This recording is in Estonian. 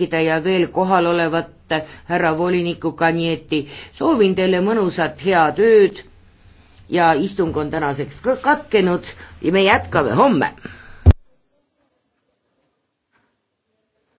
kõikide ja veel kohal olevat härra voliniku Kanieti. soovin teile mõnusat head ööd ja istung on tänaseks ka katkenud ja me jätkame homme.